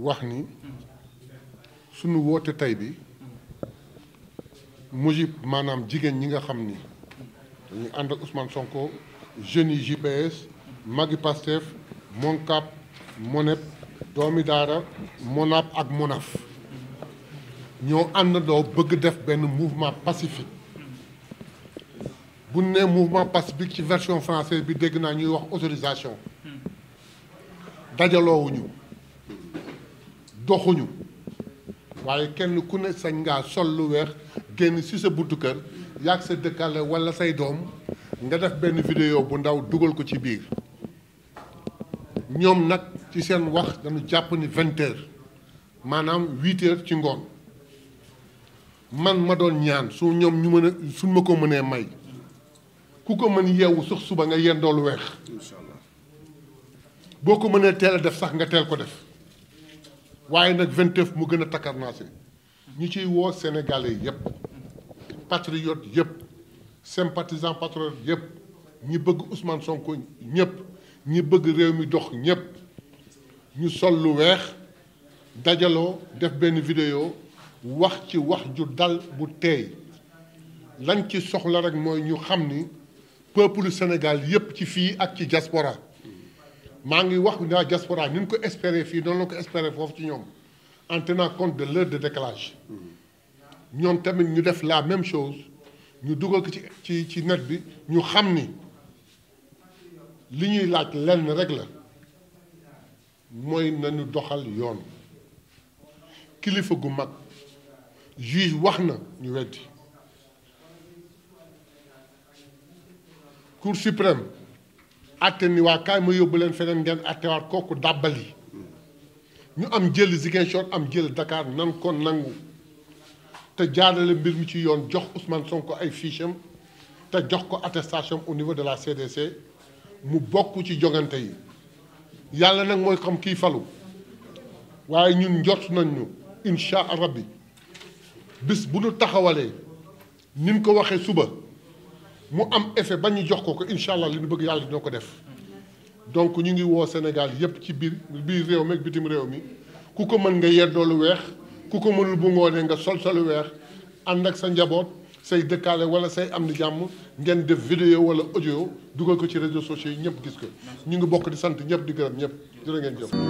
wax ni sunu woote tey bi mujib manam jigen ñi nga xamni ni and Ousmane Sonko jeune JPS magi Pastef Moncap Monep Domi Monap ak Monaf ñoo do bëgg def mouvement pacifique bu un mouvement pacifique ci version française bi dégg na ñuy wax autorisation doxuñu waaye kenn ku ne sañ ngaa sol lu weex génn ci sa buntu kër yàgg sa dëkkale walla say doom nga def benn vidéo bu ndaw dugal ko ci biir ñoom nag ci seen wax dañu jàpp ni vingt maanaam huit ci ngoon man ma doon ñaan su ñoom ñu mën a suñ ma ko mënee may ku ko mën yeewu sax suba nga lu weex boo ko mënee teel a def sax nga teel ko def waaye nag 29 mu gën a takkarnaase ñu ciy woo sénégalais yëpp patriote yëpp sympathisant patriote yëpp ñi bëgg Ousmane Sonko ñëpp ñi bëgg réew mi dox ñëpp ñu sol lu weex dajaloo def benn vidéo wax ci wax ju dal bu teey lañ ci soxla rek mooy ñu xam ni peuple Sénégal yëpp ci fii ak ci diaspora mangi ngi la diaspora ñu ko espérer fi nous la ko espérer en tenant compte de l'heure de décalage Nous tamit ñu def la même chose Nous duggal que ci ci ci bi ñu li ñuy lenn rek la mooy nañu doxal yoon kilifa gu mag juge wax na ñu cour suprême atte ni waa kaay ma yóbbu leen feneen ngeen attewaat kooku dàbbal ñu am jël Ziguinchor am jël Dakar nan ko nangu te jaarale mbir mi ci yoon jox Ousmane Sonko ay fiche am te jox ko attestation au niveau de la CDC mu bokk ci jogante yi yàlla nag mooy xam kii falu waaye ñun njort nañ ñu incha rabbi bis bu nu taxawalee ni ko waxee suba. mu am effet ba ñu jox ko ko inshallah li ñu bëgg donc ñu ngi woo Sénégal yépp ci biir biir réew bitim réew mi ku ko nga mënul bu nga sol sa say wala say am ngeen def vidéo wala audio ko ci réseaux sociaux yi gis ko ñu ngi bokk di sant ñëpp di gërëm